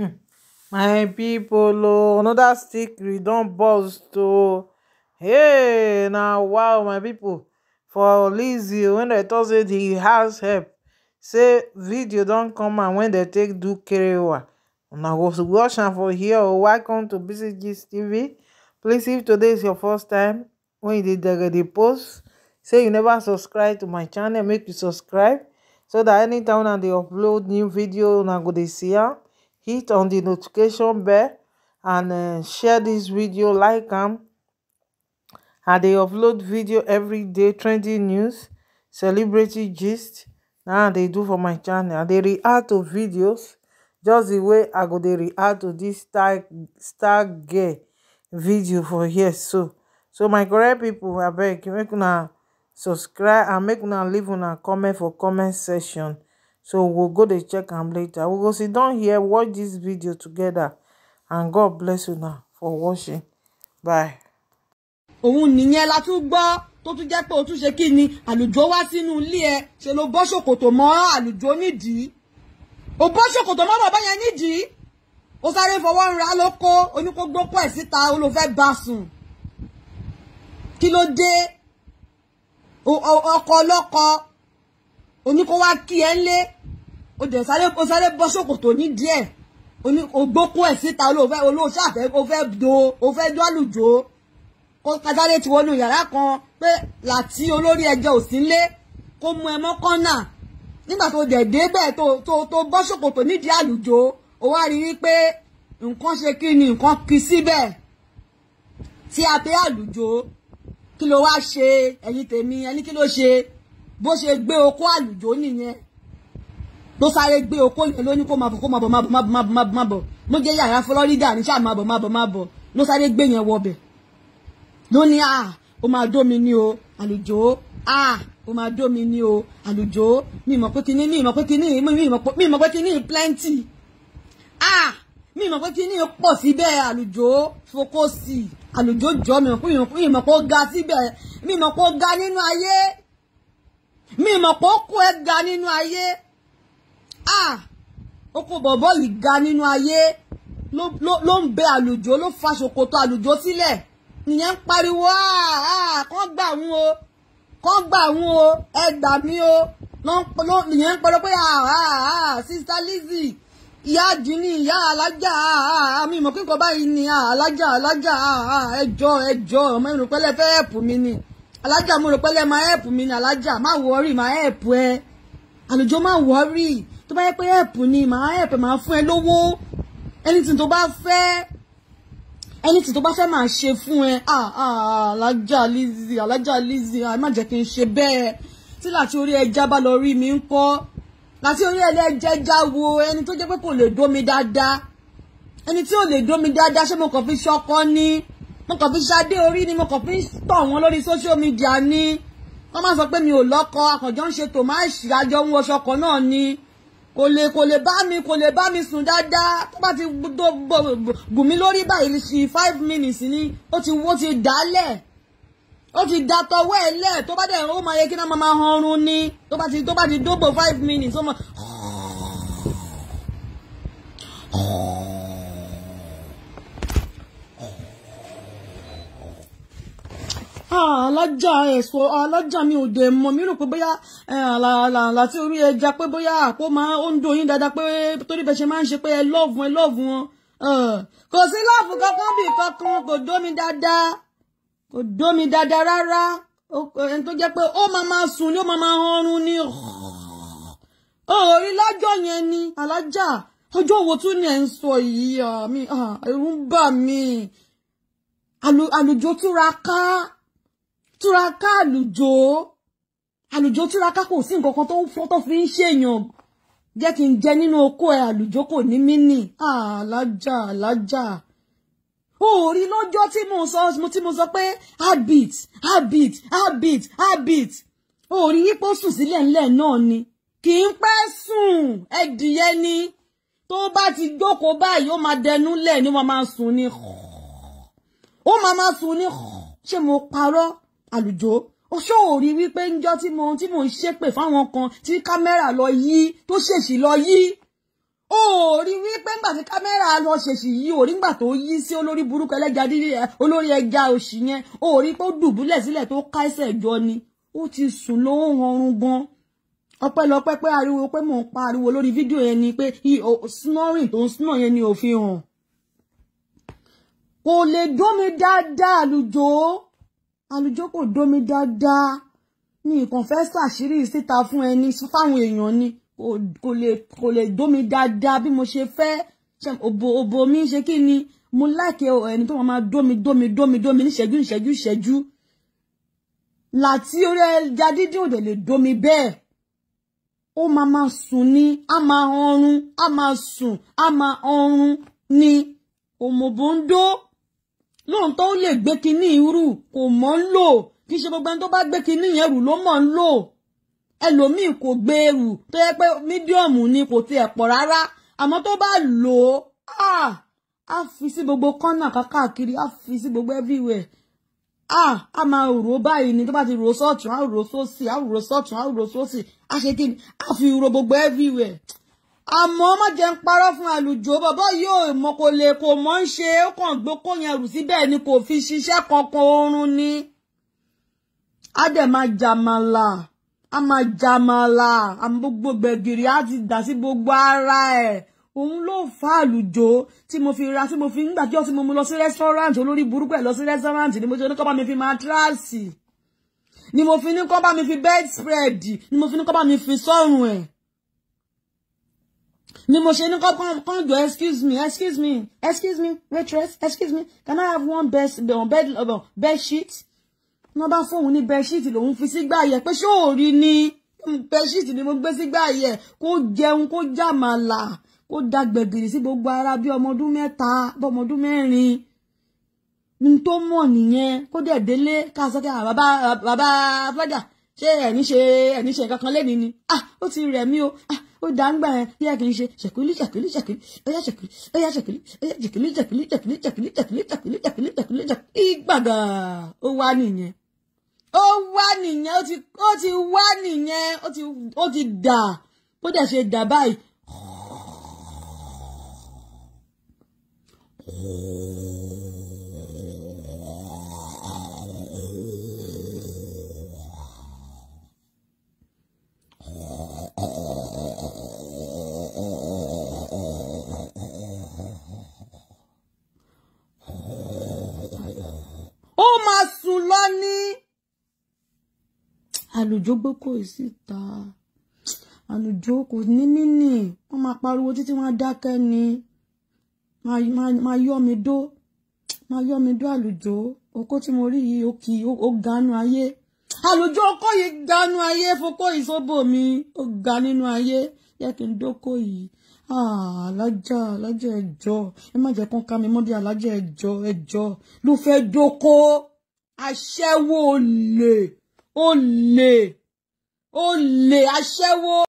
Hmm. my people o oh, another we don burst o oh. hey now, wow my people for lizzy wen dem tok say the house help say video don't come out wen dem take do kerewa now go watch and for here o oh. welcome to bcgs tv please if today is your first time when you dey dege dey post say you never subscribe to my channel make you subscribe so dat anytime una they upload new video now go dey see am hit on the notification bell and uh, share this video like am um, i they upload video every day. trending news celebrity gist na they do for my channel And they react to videos just the way i go dey react to dis star gay video for here so so my correct pipo abeg make una subscribe and make una leave una comment for comment section so we'll go dey check am later we go sit down here watch this video together and god bless you now for watching bye. òun nìyẹn la tún gbọ́ tó tún jẹ́ pé o tún ṣe kí ni àlùjọ wá sínú ilé ẹ ṣe ló bọ́ ṣòkòtò mọ́ àlùjọ nídìí o bọ́ ṣòkòtò mọ́ bàbá yẹn nídìí o sáré fọwọ́ ń ra lóko oníkógbókò ẹ̀ síta o ló fẹ́ bá sùn kí ló dé ọkọ ọlọ́kọ oníkó wá kí ẹ lé o dẹ̀ sáré o sáré bọ́ ṣòkòtò ní díẹ̀ o gbókó ẹ̀ síta olóòfẹ́ olóòṣà fẹ́ o fẹ́ do o fẹ́ dọ́lùjó kó kásáré ti wọnú yàrá kan pé láti olórí ẹjọ́ ò sí nlé kó mú ẹ mọ́ kọ́nà nígbà tó to to tó tó tó bọ́ ṣòkòtò nídìí àlùjó o wá rí i pé nǹkan ṣe kí ni nǹkan kí síbẹ̀ tí a bẹ́ àlùjó kí ló wá ṣe ẹ̀yin tèmi ẹni kí ló ṣe bó ṣe gbé okó àlùjó nìyẹn ló sáré gbé okó yẹn ló ní kó máa bọ̀ kó máa bọ̀ máa bọ̀ máa bọ̀ máa bọ̀ máa bọ̀ ló jẹ́ yàrá florida ní sáà máa bọ̀ máa bọ̀ máa bọ̀ ló sáré gbé yẹn wọbẹ̀ ló ní à ah, ó máa dómi ní o àlùjò à ah, ó máa dómi ní o àlùjò mi mọ̀ pé kíní mi mọ̀ pé kíní mi mọ̀ pé kíní plenty à ah, mi mọ̀ pé kíní pọ̀ síbẹ̀ àlùjò fokosi àlùjò jọ mi mọ̀ pé ó ga síbẹ̀ mi mọ̀ pé ó ga nínú ayé mi mọ̀ pé ó kó ẹ ga nínú ayé ah oko bọ̀bọ̀ yìí ga nínú ayé ló ń bẹ àlùjọ ló fa ṣòkòtò àlùjọ sílẹ̀ nìyẹn ń pariwo ah, ah kán gbà wọn o kán gbà wọn o ẹ gbà mí o nìyẹn ń pariwo pé ah ah, ah sista Lizzie ìyá àdínní ìyá alájà ah, mi mọ̀ kíkọ báyìí ni alájà alájà ẹjọ́ ẹjọ́ ọmọ ìrùpẹ́lẹ́ fẹ́ ẹ̀pù mi ni alájà mo rò pẹ́lẹ́ máa ẹ̀pù mi ni alájà má wọ́ọ̀rì máa ẹ̀pù ẹ àlùjọ má wọ́ọ̀rì tó bá yẹ pé help ni màá help màá fún ẹ lówó anything tó bá fẹ́ anything tó bá fẹ́ máa ṣe fún ẹ ah ah, ah alájà Lizzy alájà Lizzy ẹ má jẹ́ kí n ṣe bẹ́ẹ̀ tí láti orí ẹja bá lọ rí mi ń kọ́ láti orí ẹlẹ́jẹ̀já wo ẹni tó jẹ́ pé kò lè dómi dáadáa ẹni tí ò lè dómi dáadáa ṣé mo kàn fi ṣọkọ ni mo kàn fi ṣadé orí ni mo kàn fi tọ̀ wọ́n lórí social media ni wọ́n máa sọ pé mi ò lọ́kọ akànjọ́ ń ṣe tòmáṣì àjọ ń wọṣọ náà ni kò lè kò lè bá mi kò lè bá mi sùn dáadáa tó bá ti gùn mí lórí báyìí sí five minutes ni ó ti ó ti dálẹ̀ ó ti da tọwọ́ ẹ̀ lẹ̀ tó bá dẹ̀ ó máa yẹ kí náà máa hanrun ni tó bá ti tó bá ti dógbò five minutes ó máa. alájà èso alájà mi ò dé mọ̀ mi rò pé bóyá àlàlà tí orí ẹja pé bóyá àpò máa ó ń do yín dáadáa pé torí bẹ́ẹ̀ ṣe máa ń ṣe pé ẹ lọ́ọ̀bù ẹ lọ́ọ̀bù wọn kò sí lọ́ọ̀bù kankan bí kankan kò dó mi dáadáa kò dó mi dáadáa rárá ẹni tó jẹ́ pé ó máa máa sùn ni ó máa máa họrun ni orí lọ́jọ́ yẹn ni alájà ọjọ́ wo tún ni ẹ̀ ń sọ yìí ẹ̀rù ń bà mí àlùjọ túra ká túraká àlùjò àlùjò túraká kò sí nǹkan kan tó fọ́ tó fi ń ṣèyàn jẹ́ kí n jẹ nínú oko ẹ̀ àlùjò kò ní mí nì alájà alájà òòrí lọ́jọ́ tí mo sọ tí mo sọ pé habit habit habit habit òòrí yípo sùn sílẹ̀ ńlẹ̀ náà ni kì í pẹ́ sùn ẹ̀dìyẹ ni tó bá ti jókòó báyìí ó máa dẹnu lẹ̀ ni wọ́n máa sùn ní ó máa máa sùn ní ṣé mo parọ́ àlùjọ ó ṣòrí wípé ńjọ́ tí mo tí mo ń ṣépè fáwọn kan tí kámẹ́rà lọ yí tó ṣèṣì lọ yí ó rí wípé ńgbà tí kámẹ́rà lọ ṣèṣì yí ó rí ńgbà tó yí sí olórí burúkú ẹlẹ́ja dídíẹ olórí ẹja òṣì yẹn ó rí pé ó dùbúlẹ̀ sílẹ̀ tó ká ẹsẹ̀ jọ ni ó ti sùn ló ń rọrùn gan ọpẹ́lọpẹ́ pé ariwo pé mò ń pa ariwo lórí fídíò yẹn ni pé snoring tó ń snore yẹn ni òfin hàn kò lè dómi dáadáa àlùjọ alùjókò domi dáadáa ni nǹkan fẹ́ ṣàṣírí síta fún ẹni fáwọn èèyàn ni kò lè kò lè domi dáadáa bí mo ṣe fẹ́ òbò òbò mi ṣe kí ni mo láìkẹ́ ẹni tó máa domi domi domi domi níṣẹ́jú níṣẹ́jú ìṣẹ́jú láti orí ẹja dídín òdè lè domi bẹ́ẹ̀ ó máa máa sùn ni a máa ọrùn a máa sùn a máa ọrùn ni òmòbó ń dó lóòótọ́ ó lè gbé kinní irú kò mọ̀ ń lò kì í ṣe gbogbo ẹni tó bá gbé kinní yẹn rù ló mọ̀ ń lò ẹlòmíì kò gbé rù tó yẹ pé mídíọ̀mù ni kò tiẹ̀ pọ̀ rárá àmọ́ tó bá lò ó ah, á fi sí gbogbo kọ́nà kákàkiri á fi sí gbogbo everywhere ah, á máa rò ó báyìí ni tó bá ti rò ó sọ́ọ̀tún á rò ó sósì á rò ó sọ́ọ̀tún á rò ó sósì á ṣe kí á fi rò gbogbo everywhere àmọ́ má jẹ́ ń parọ́ fún àlùjọ bàbá yóò mọ kò lè kò mọ́ ń ṣe ó kàn gbó kó yẹn rù síbẹ̀ ni kò fi ṣiṣẹ́ kankan oorun ni á dẹ̀ máa jàmàlà á máa jàmàlà àmọ́ gbogbo gbẹ̀gìrì á ti dà sí gbogbo ara ẹ̀ òun ló fa àlùjọ tí mo fi ra tí mo fi ń gbàjọ́ tí mo mú lọ sí rẹ́sítọ́ráǹtì olórí burúkú ẹ̀ lọ sí rẹ́sítọ́ráǹtì ni mo ti oníkọ́ bá mi fi mátíráàsì ni mo fi ní kọ́ bá mi fi bẹ́ẹ̀dì ni mo fi ní kọ́ bá mi fi sọ́run ẹ̀ ni mo ṣe ní kọ́kọ́ jọ excuse me excuse me excuse me waitress excuse me can I have one bed euh, bed bed sheet wọ́n bá fóun ní bed sheet lòun fi sígbà yẹ pé ṣé ò rí ni bed sheet ni mo gbé sígbà yẹ kó jẹun kó jàmàlà kó da gbẹ̀gìrì sí gbogbo ara bí ọmọ ọdún mẹ́ta bí ọmọ ọdún mẹ́rin ní tó mọ̀ nìyẹn kó dẹ̀ délé ká sọ pé ah, bàbá bàbá fẹ́dà ṣé ẹ̀ ní ṣe ẹ̀ ní ṣe ni ah ó ti rẹ̀ mí o ah ó dá ń gbà yẹn yẹ kì í ṣe ṣèkìlì ṣèkìlì ṣèkìlì ọyá ṣèkìlì ọyá ṣèkìlì ọyá ṣèkìlì ṣèkìlì ṣèkìlì ṣèkìlì ṣèkìlì ṣèkìlì ṣèkìlì ṣèkìlì ṣèkìlì ìgbàgà ó wá nìyẹn ó wá nìyẹn ó ti ó ti wá nìyẹn ó ti ó ti dà bó dẹ̀ ṣe dà báyìí. àlùjó gbókòó síta àlùjó kò ní mínì wọ́n máa pariwo títí wọ́n á dákẹ́ ni máa yọ́ mi dó máa yọ́ mi dó àlùjó okó tí mo rí yìí ó kì í ó ganu ayé àlùjó okó yìí ganu ayé fokó ìsóbò mi ó ga nínú ayé yẹ kí n dókó yìí ah, alájà alájà ẹjọ ẹ má jẹ́ kán ká mi mọ́ bí alájà ẹjọ ẹjọ ló fẹ́ dókó aṣẹ́wó olè olè aṣẹ́wó.